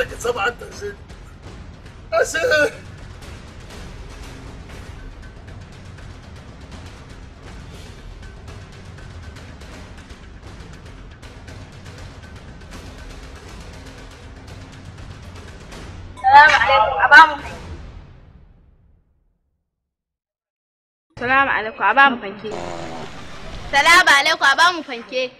عندك 97 اسئله السلام عليكم أبا السلام عليكم أبا مفنكي السلام عليكم أبا مفنكي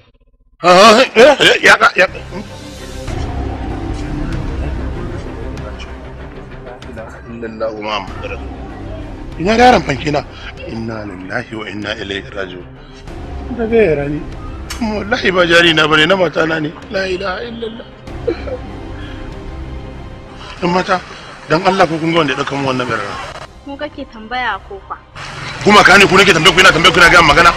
illallah wa muhammadu ina yaron fanke na inna lillahi wa inna ilaihi raji'un da ga yara ne wallahi ba jari na bane na mata na ne la ilaha illallah dan mata dan Allah ko kun ga wanda ya dauka mu wannan barara ku kake tambaya ko fa kuma kani ku nake tambaya ku ina tambaya ku na ga magana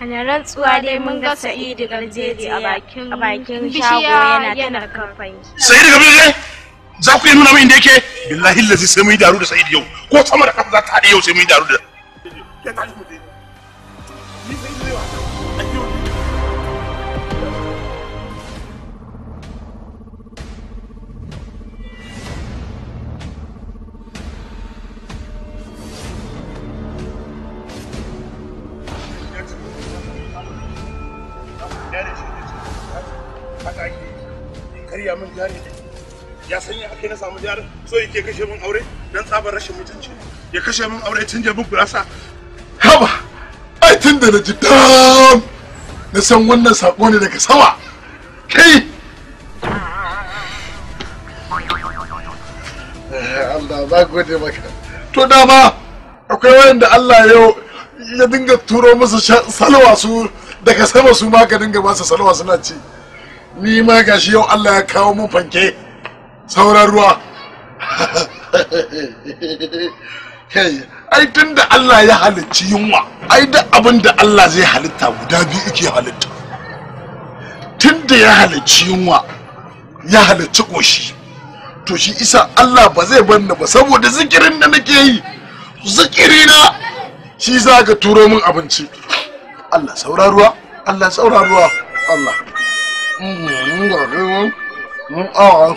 ana rantsuwa dai mun ga Sa'idu Garjeje a bakin a bakin shago yana tana kamfani Sa'idu Garjeje za ku yi nuna min da yake billahi lazi sai mun yi daru da sa'id yau ko sama da kafa za ta haɗe yau sai mun yi daru da yaran so yake kashe min aure tsabar rashin mutunci ya kashe min aure tun haba ai tun da na ji dam na san wannan sako ne daga sama kai eh, Allah za gode maka to dama akwai wayanda Allah yau ya dinga turo musu salwa su daga sama su ma ka dinga ba su salwa suna ci ni ma gashi yau Allah ya kawo mun fanke sauran ruwa ai tun da Allah ya halicci yunwa ai da abin da Allah zai halitta guda biyu yake halitta tun da ya halicci yunwa ya halicci ƙoshi to shi isa Allah ba zai banna ba saboda zikirin da nake yi zikirina shi za ka turo min abinci Allah sauraruwa Allah sauraruwa Allah mm, mm, ah, ah.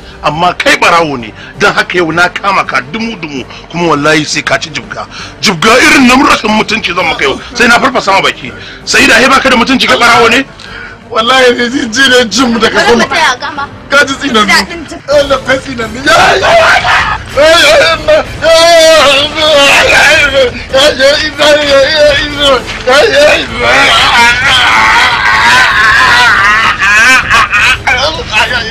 amma kai barawo ne don haka yau na kama ka dumu dumu kuma wallahi sai ka ci jibga jibga irin na rashin mutunci zan maka yau sai na farfasa ma baki sai da ka da mutunci kai barawo ne wallahi sai ji ji ne jin mu da ka kuma ka ji tsinan ni ka tsinan ni ya ya ya ya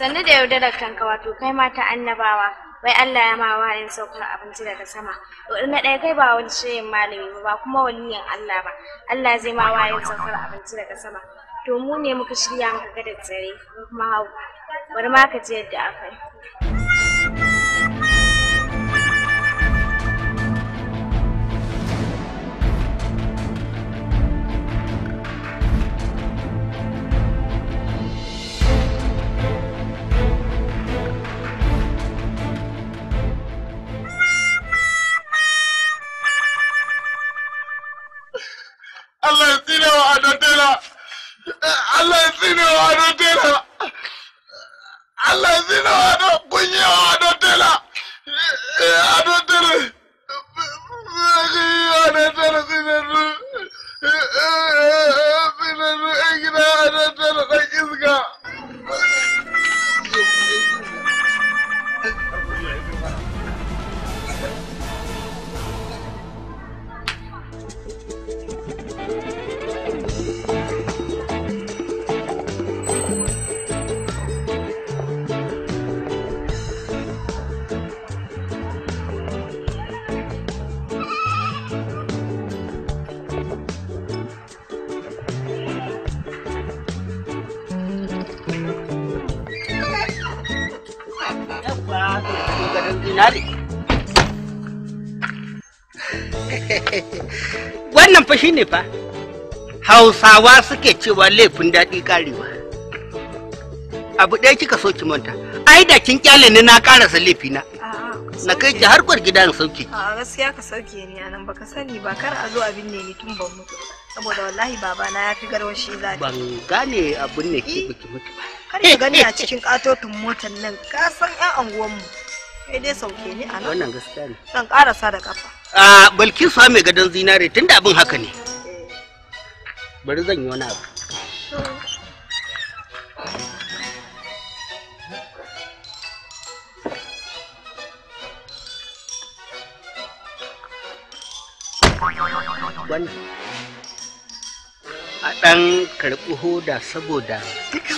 sannu da yaudarar kanka wato kai mata annabawa wai Allah ya ma wayin saukar abinci daga sama to na ɗaya kai ba wani shirin malami ba ba kuma waliyan Allah ba Allah zai ma wayin saukar abinci daga sama to mu ne muka shirya muka ga da tsare kuma hau bari ma ka yadda akai Allah ya tsine wa Ado Tela. Allah ya tsine wa Ado Tela. Allah ya tsine wa Ado kunye wa Ado Tela. ne fa hausawa suke cewa laifin daɗi karewa abu ɗaya kika so ki manta ai da kin kyale ni na karasa laifina na kai ki har gida na sauke a gaskiya ka sauke ni a nan baka sani ba kar a zo abin ne ni tun ban mutu saboda wallahi baba na ya fi garwashi zafi ban gane abin ne ki baki mutu ba kar ka gani a cikin katotin motar nan ka san ɗan anguwan mu kai dai sauke ni a nan wannan gaskiya ne zan karasa da kafa a balki su mai gadon zinare tunda abin haka ne berzinho nào quanh a ɗan karɓi hoda saboda duka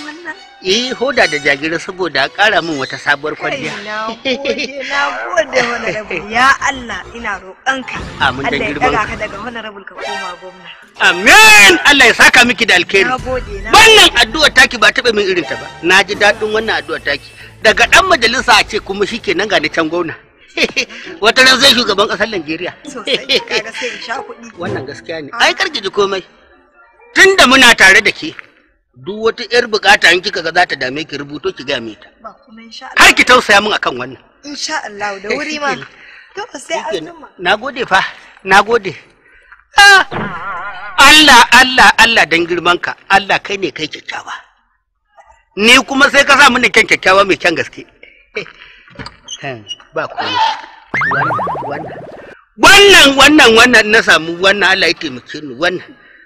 eh hoda da jagira saboda ƙara min wata sabuwar kwalliya na gode na gode ya Allah ina roƙonka amin da girman Allah ya ka daga honorable ka koma gwamna amin Allah ya saka miki da alkhairi wannan addu'a taki ba taɓa min irin ta ba na ji daɗin wannan addu'a taki daga ɗan majalisa a ce kuma shi ke ga ni can gwamna wata ran zai shugaban ƙasar Najeriya sosai kaga sai in sha kuɗi wannan gaskiya ne ah. ai karki ji komai tunda muna tare da ke duk wata yar bukata in kika ga za ta dame ki rubuto ki ga mita har ki tausaya min akan wannan insha Allah da eh, wuri ma to sai azuma nagode fa nagode ah! Allah Allah Allah dan girman ka Allah kai ne kai kyakkyawa ni kuma sai ka sa mini kyan kyakkyawa mai kyan gaske eh, eh, ba komai wannan wannan wannan wannan na samu wannan Allah ya taimake ni wannan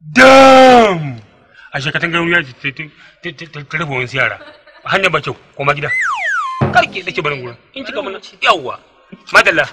dam a shekatan garin yaji ta rufe wani yara hanyar ba kyau koma gida karki da ke barin gurin in kika mana yawwa madalla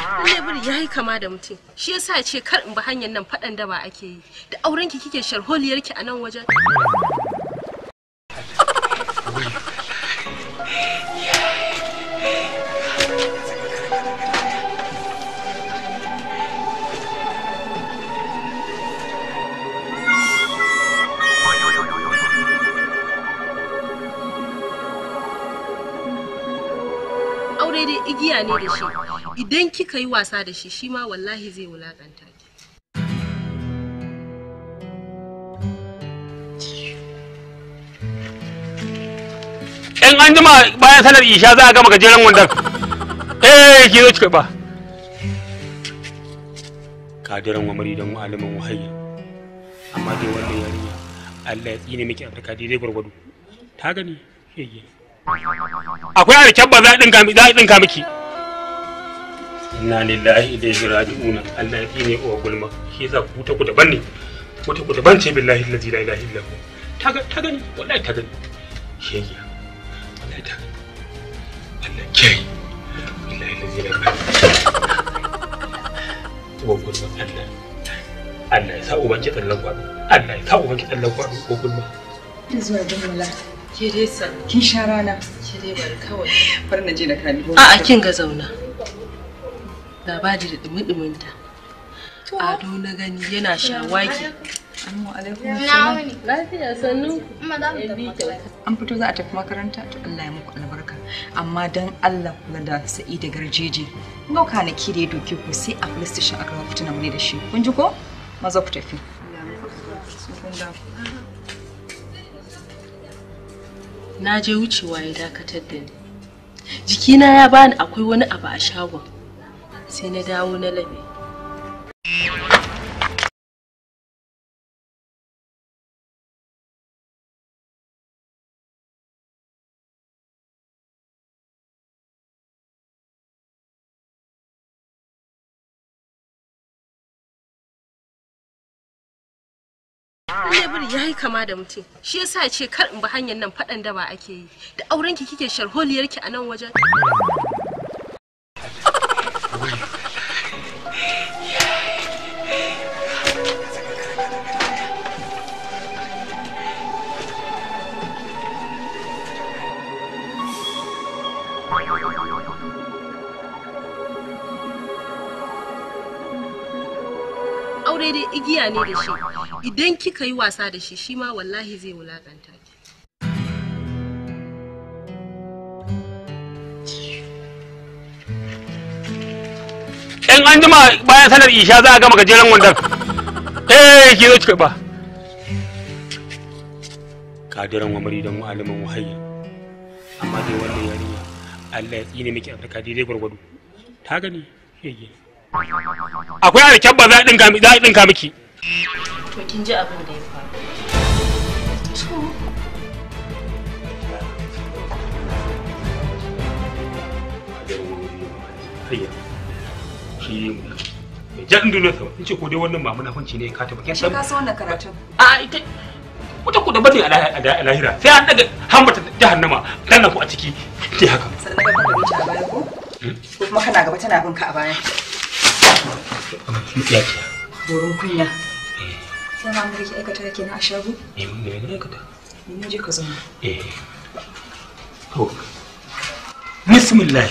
lebur ya yi kama da mutum shi yasa ce kar in bi hanyar nan faɗan da ba ake yi da auren ki kike sharholiyar ki a nan wajen aure igiya ne da shi idan kika yi wasa da shi shi ma wallahi zai wulaƙanta ki in an jima bayan sanar isha za a gama gajeren wandon eh ki zo ki ba kadiran wamari don malamin wahayi amma dai wannan yarinya Allah ya tsine miki afirka zai gwargwado ta gani yi. akwai alkyabba za a ɗinka miki inna lillahi ilaihi raji'un Allah ya ne uwa gulma shi yasa ku ta ku daban ne ta ku daban ce billahi allazi la ilaha illa hu ta gani wallahi ta gani shege wallahi ta gani Allah kai billahi allazi la ilaha uwa gulma Allah Allah ya sa uban ki tsallan kwado Allah ya sa uban ki tsallan kwado uwa gulma zuwa jumla ke dai sa kin sha rana ke dai bar kawai bar na je da kani a'a kin ga zauna ga baji da dumi ado na gani yana shawaki an fito za a tafi makaranta to Allah ya muku albarka amma dan Allah kula da sa'i da garjeje kun ga kwanaki da ya doke ku sai a playstation aka rawa fitina mu da shi kun ji ko maza ku tafi na je wucewa ya dakatar da ni jikina ya bani akwai wani abu a shagon sai na dawo na labe Lebur ya yi kama da mutum, shi yasa ce kar in bi hanyar nan faɗan da ba ake yi, da aurenki kike sharholiyarki a nan wajen. ne da shi idan kika yi wasa da shi shi ma wallahi zai wulaƙanta. ki in an jima bayan sanar isha za a gama gajeren wandan. eh ki zo ba kadiran wa don malamin wahayya amma dai wannan yarinya Allah ya tsine miki afirka dai gwargwado ta gani akwai alkyabba za a ɗinka miki To kin ji abin da ya faru. hayya shi mai ja in duniyar sama ce ko dai wannan ba na ne ka ka so wannan karatun a ita wata ku da batin lahira sai an daga hambata jahannama ranar ku a ciki ke haka sannan ka kaga ci a baya ko hmm? ko kuma kana gaba tana bin a baya ya ce kunya sai ma amurki aikata kenan a shago eh mun da ne aikata ni ne je ka zama eh to bismillah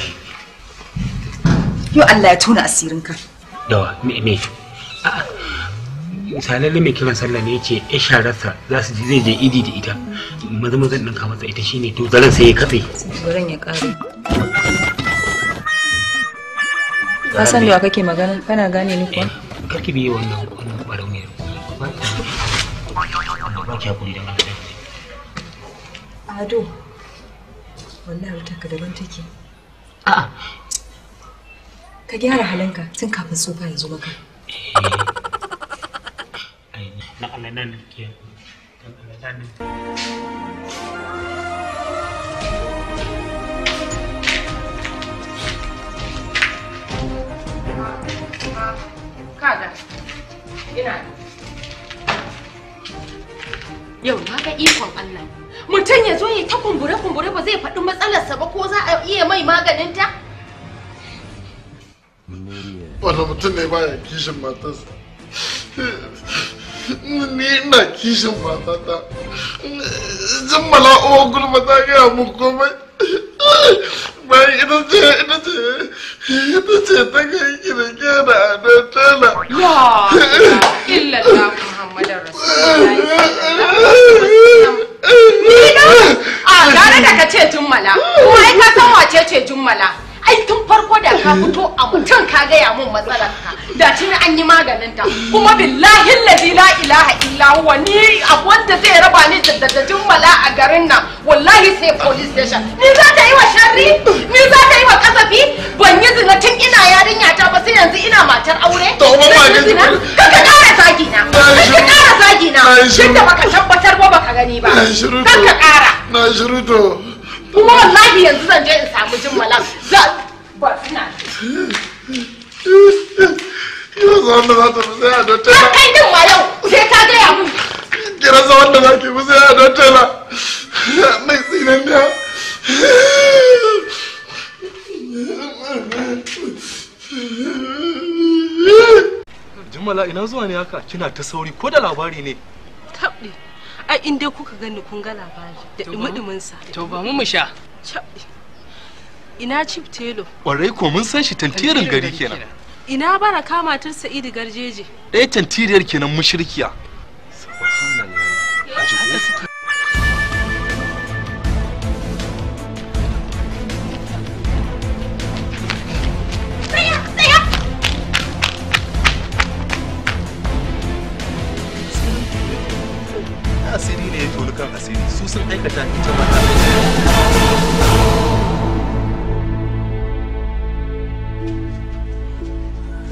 yo Allah ya tona asirin ka dawa me me a'a misalan mai kiran sallah ne yace ya shararsa za su ji zai je idi da ita maza maza din ka masa ita shine to zaran sai ya katse zaran ya kare ka san da kake magana kana gane ni kuwa eh, karki biye wannan ba da ado wannan rutar ka daban take a'a ka gyara halinka tun kafin tsufa ya zo maka na Allah nan ke kaga ina yau na ga ikon Allah mutum ya zo ya ta kumbure kumbure ba zai faɗi matsalarsa ba ko za a iya mai maganin ta wanda mutum ne baya kishin matarsa ni ina kishin matata jin mala'uwa gulma ta gaya mun komai bayan ina ce ina ce ina ce ta kai kirkiya da adon tana ya illa ta. Muhammadin Ni na? A, ah, gara da ka ce Jummala. Kuma ka wace ce Jummala. ai tun farko da ka fito a mutum ka gaya mun matsalar ka da tuni an yi maganin ta kuma billahi lazi la ilaha illa huwa ni a wanda zai raba ni da dadadin mala a garin nan wallahi sai police station ni za ta yi wa sharri ni za ta yi wa kasafi ban yi zina tun ina yarinya ta ba sai yanzu ina matar aure to ba ma ga zina ka kara zagi na ka kara zagi na shin da baka tabbatar ba baka gani ba ka kara na shiru to kuma wallahi yanzu zan je in samu jimmalan zan ba ina yau za wanda za ta fi sai a don tela kai din ma yau sai ta gaya mun kira za wanda za ki fi sai a don tela mai tsinin da Jummala ina zuwa ne haka kina ta sauri ko da labari ne. Taɓe. ai in dai kuka gani kun ga labari da dumudumin sa to ba mu mu sha ina chief telo kwarai ko mun san shi tantirin gari kenan ina baraka matar sa'idu garjeje ɗaya tantiriyar kenan mushrikiya hakikaten hiç olmadan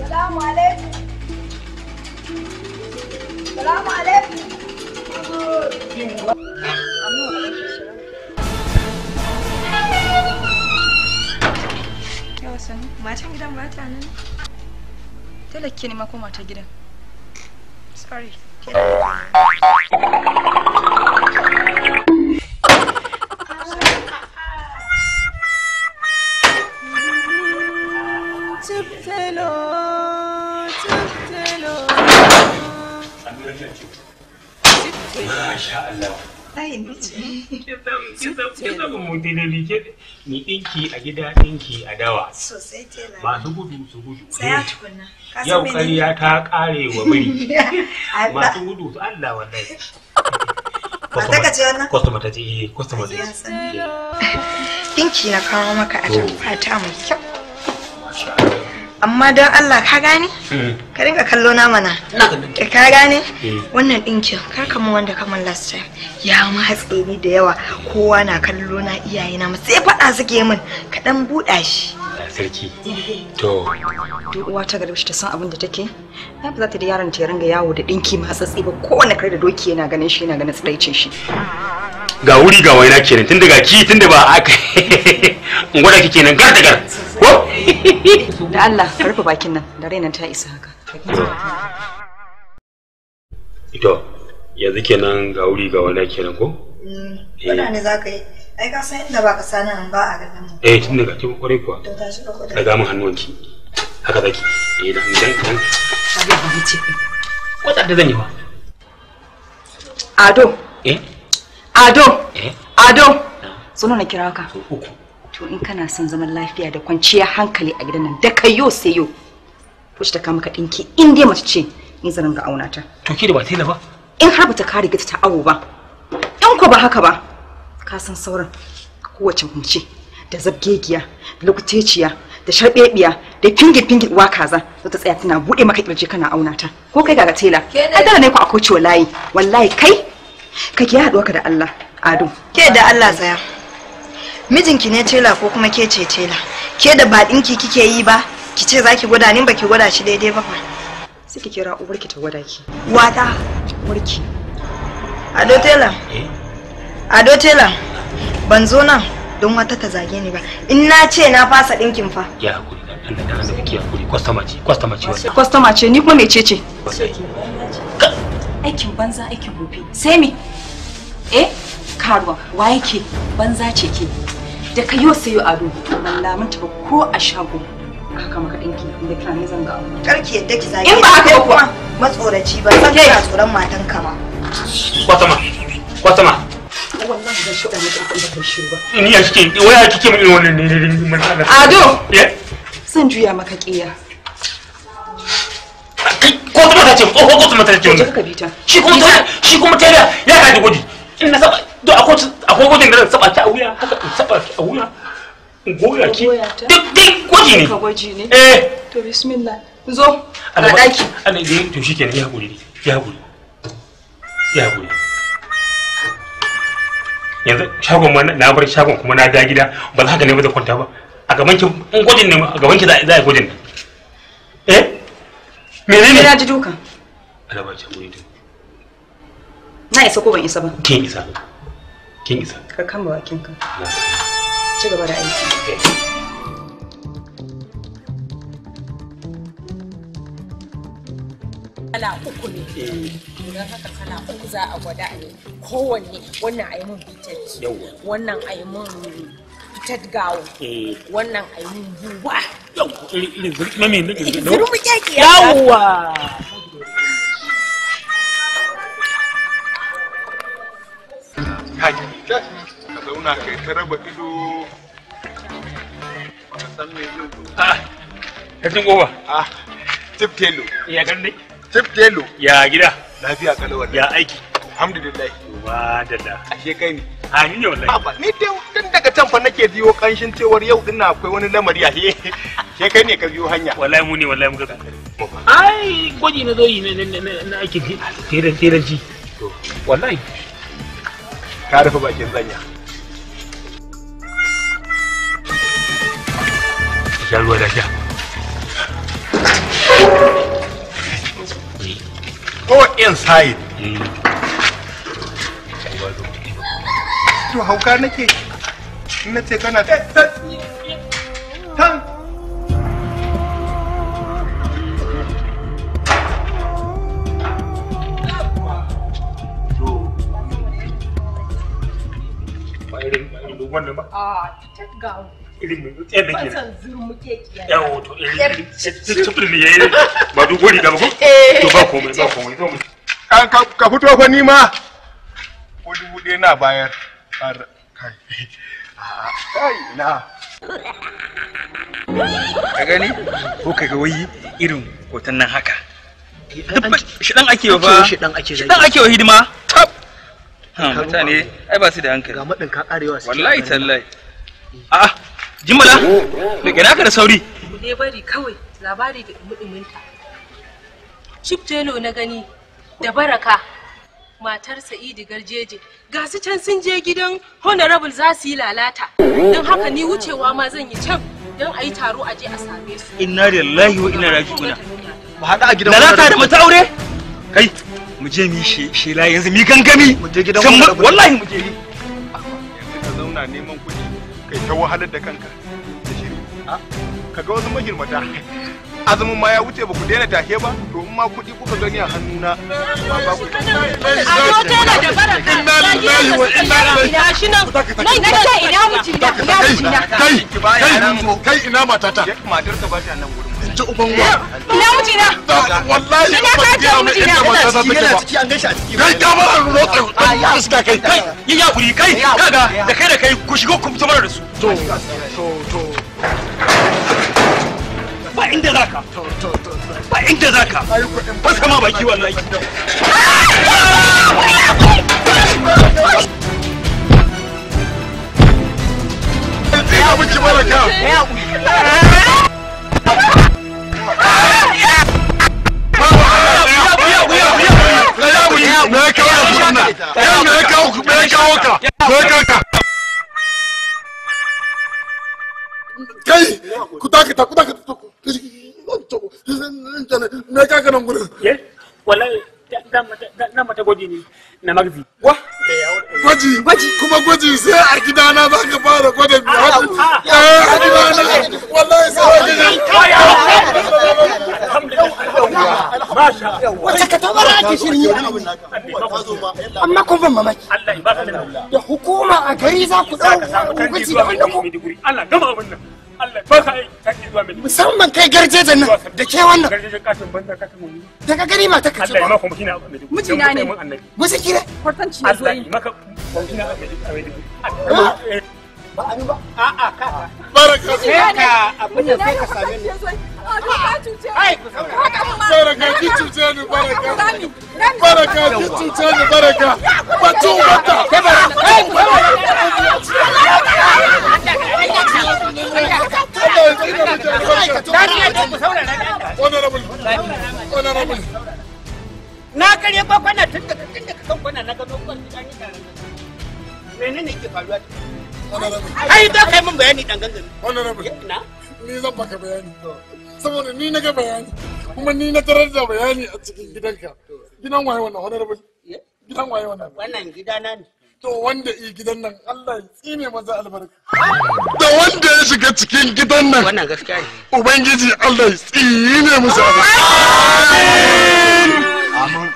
Selamun Aleyküm. Selamun Aleyküm. Yawasan, matan gidan ba ta nan. Talakke ne makoma ta gidan. Sorry. masha Allah ai ni ce ki ni dinki a gida dinki a dawa sosai gudu su gudu tukunna yau kariya ta kare wa masu gudu su Allah ka wannan? Kwastoma ta ce eh, kwastoma ta ce. Dinki na kawo maka a tamfa ta mai kyau. Masha Allah. amma don Allah ka gane hmm. ka dinga kallo na mana eh, ka gane hmm. wannan ɗinkin kar ka mu wanda kamar last time ya ma hatsi ni da yawa kowa na kallo na iyaye na sai faɗa suke min ka dan buɗa shi sarki eh. to duk uwa ta garbi ta san abin da take na ba za ta da yaron ta ringa yawo da ɗinki ma tsatsi ba kowane kare da doki yana ganin shi yana ganin tsiraicin shi ga wuri ga waina kenan tun daga ki tun da ba aka gwada kike nan gar da gar da Allah ka rufe bakin nan da rainan ta isa haka ito yanzu kenan ga wuri ga wala kenan ko kana eh. ne zaka yi ai ka san inda baka sani an ba a garin mu eh tun daga kin kwarai kuwa to tashi ka kwata daga mun hannuwanki haka zaki eh dan dan dan ba da ce. ko da zan yi ba ado eh ado eh ado ah. sunan na kira ka uku to in kana son zaman lafiya da kwanciya hankali a gidan nan da kayo sai yo wacce ta kama ka dinki in dai mace ce ni zan ga auna ta to ki da ba tela ba in har ta kare gita ta awo ba in ko ba haka ba ka san sauran kowace mace da zabgegiya da lokuteciya da sharbebiya da fingir fingir uwa kaza za ta tsaya tana bude maka kirje kana auna ta ko kai ga tela ai da ne ku akwai ciwo layi wallahi kai ka ki haɗuwa ka da Allah ado ke da Allah tsaya mijinki ne tela ko kuma ke ce tela ke da ba ɗinki kike yi ba ki ce za ki gwada ni ba ki gwada shi daidai ba sai ki kira uwarki ta gwada ki wata uwarki ado tela eh? ado tela ban zo nan don wata ta zage ni ba in na ce na fasa ɗinkin fa ya hakuri Allah da Allah hakuri kwastama ce kwastama ce wannan kwastama ce ni kuma ce aikin banza aikin gobe sai me eh karuwa wa ke banza ce ke da ka yi yo sayo ado wallah mun ba ko a shago haka maka dinki da kira ne zan abu karki yadda ki zage in ba haka ba kuwa matsoraci ba san kana tsoron matan ka ma kwatama kwatama wallahi zan shuɗa miki abin da kai shi ba ni ya kike waya kike min wannan ne ne mun ado eh? zan juya maka kiya ko kuma ta ce ko oh, ko kuma ta ce shi kuma ta shi kuma ta ya ka ji gudi in na saba to akwai gwajin da zan saba ki a wuya haka in saba ki a wuya in goya ki duk duk gwaji ne gwaji ne eh. to bismillah zo a daki ana eh, to shikenan ya ya ya yanzu shagon ma na bar shagon kuma na da gida ba ne ba da ba a gaban ki in gwajin ne a gaban ki za a eh? ji duka Na isa ko ban isa ba? Kin isa. Kin isa. Ka kama bakin ka. Ci gaba da aiki. Kala uku ne. Eh. Don haka kala uku za a gwada ne. Kowanne wannan ayi yi mun bitet. Wannan ayi yi mun fitar gawo eh. wannan ayi ainihin buwa yau irin zurmi ne yawwa haƙi ka zauna kai ta raba ido ka san me zo ah ka goba tip telo ya gande tip telo ya gida lafiya ya aiki alhamdulillah wa dada ashe kai ne a ni ne wallahi ni dai tun daga can fa nake biyo kanshin cewar yau din akwai wani lamari a he ke kai ne ka biyo hanya wallahi mu ne wallahi mu kankare ai gwaji na zo yi na ake tseren tseren ci wallahi ka rufe bakin zanya sha ruwa da sha go inside mm. to hauka nake na ce kana wannan ba a fitar gawo ilimin tsaye da san zurmuke kenan yawo to ilimin tsibir ne yayi ba dubo riga ba ko eh. to ba komai ba komai zo mu ka fito fa ni ma ko dubu ɗaya na bayar kai kai na ka gani ko ka ga irin hoton nan haka eh, shidan ake wa fa shidan ake wa hidima mutane ai ba su da hankali ga madin ka karewa wallahi tallahi a'a jimala da kira ka da sauri ne bari kawai labari da muduminta chip telo na gani da baraka matar sa'idi garjeje ga su can sun je gidan honorable za su yi lalata don haka ni wucewa ma zan yi can don a yi taro a je a same su inna lillahi wa inna raji'una ba hada a gidan lalata da mata aure kai mu je mi shela yanzu mi gangami mu je gidan wallahi mu je yanzu ka zauna neman kuɗi kai ta wahalar da kanka da shiri ka ga wasu magirmata azumin ma ya wuce ba ku daina take ba to in ma kuɗi kuka gani a hannuna ba ba ku inna lillahi wa inna ilaihi nan nan ina kai kai ina matata matar ka ba ta nan ci uban wa ina mijina wallahi ina ka ce mijina ina ciki yana ciki an a ciki kai ka bar rotsa dan kai kai yi kai kaga da kai da kai ku shigo ku fito da su to to ba inda zaka ba inda zaka baki wallahi Ya wuce Ya wuce. gwamna yau me ya kai me wallahi mata gwaji ne na magzi wa gwaji gwaji kuma gwaji sai a gidana za ka fara eh a gidana wallahi sai a gidana wata ka taɓa raki shirye amma kun ban mamaki da hukuma a gari za ku ɗau hukunci da wanda ku Allah gama abin nan musamman kai garjejen nan da ke wannan daga gari ma ta kace ba mijina ne musu kire kwartanci ne zo yi ba a ba a'a ka baraka su ka abin da sai ka same ni baraka ki cuce ni baraka baraka ki cuce ni baraka batu bata kai baraka kai na karye bakwana tun da tun da kan kwana na gano kwan gidan ni menene ke faruwa ai za ka yi min bayani dan gangami honorable na ni zan baka bayani saboda ni na ga bayani kuma ni na tarar da bayani a cikin gidanka gidan waye wannan honorable eh? gidan waye wannan wannan gidana ne to wanda i gidan nan Allah ya tsine maza albarka da wanda ya shiga cikin gidan nan wannan gaskiya ne ubangiji Allah ya tsine musu albarka amin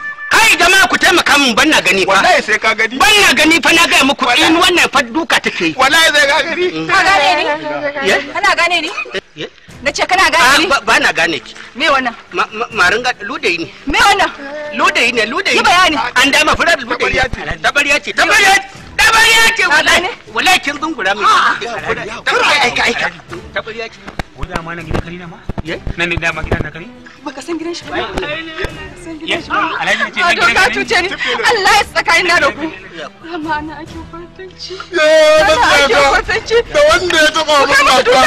kai jama'a ku taimaka min ban na gani fa wallahi sai ka gani ban na gani fa na ga muku in wannan fa duka take wallahi sai ka gani mm. ka gane ni kana gane ni na ce kana gane ah, ni ba na gane ki me wannan maringa ludayi ne me wannan ludayi ne ludayi yi bayani an dama furar ludayi tabariya ce tabariya ce dabar ya ce wallahi kin zungura mai kura aika aika dabar ya ko da ma na gidan kare na ma nan ne da gidan na kare baka san gidan shi ba san gidan shi ba alhaji ce gidan kare ka Allah ya tsakanin na da ku amma na ake kwartanci ya ba ta ga da wanda ya taba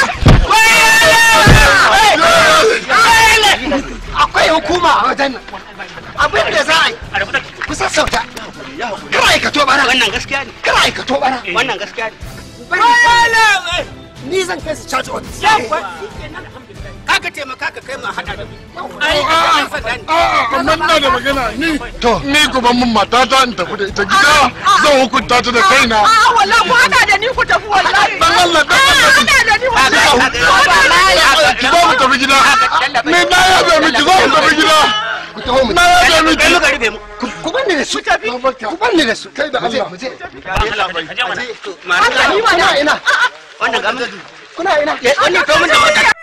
akwai hukuma a wajen abin da za a yi ya wannan gaskiya ne gaskiya ni zan kai su charge ka kai ma hada da ai na da magana ni to ni gaban mun mata ta in tafi ita gida zan hukunta ta da kaina a wala hada da ni ku tafi wallahi dan Allah dan Allah hada da ni wallahi ba ma ya tafi gida ni na ya tafi gida taho mu na zo mu kai ka mu ku ban da su ku ban da su kai da Allah mu je mu je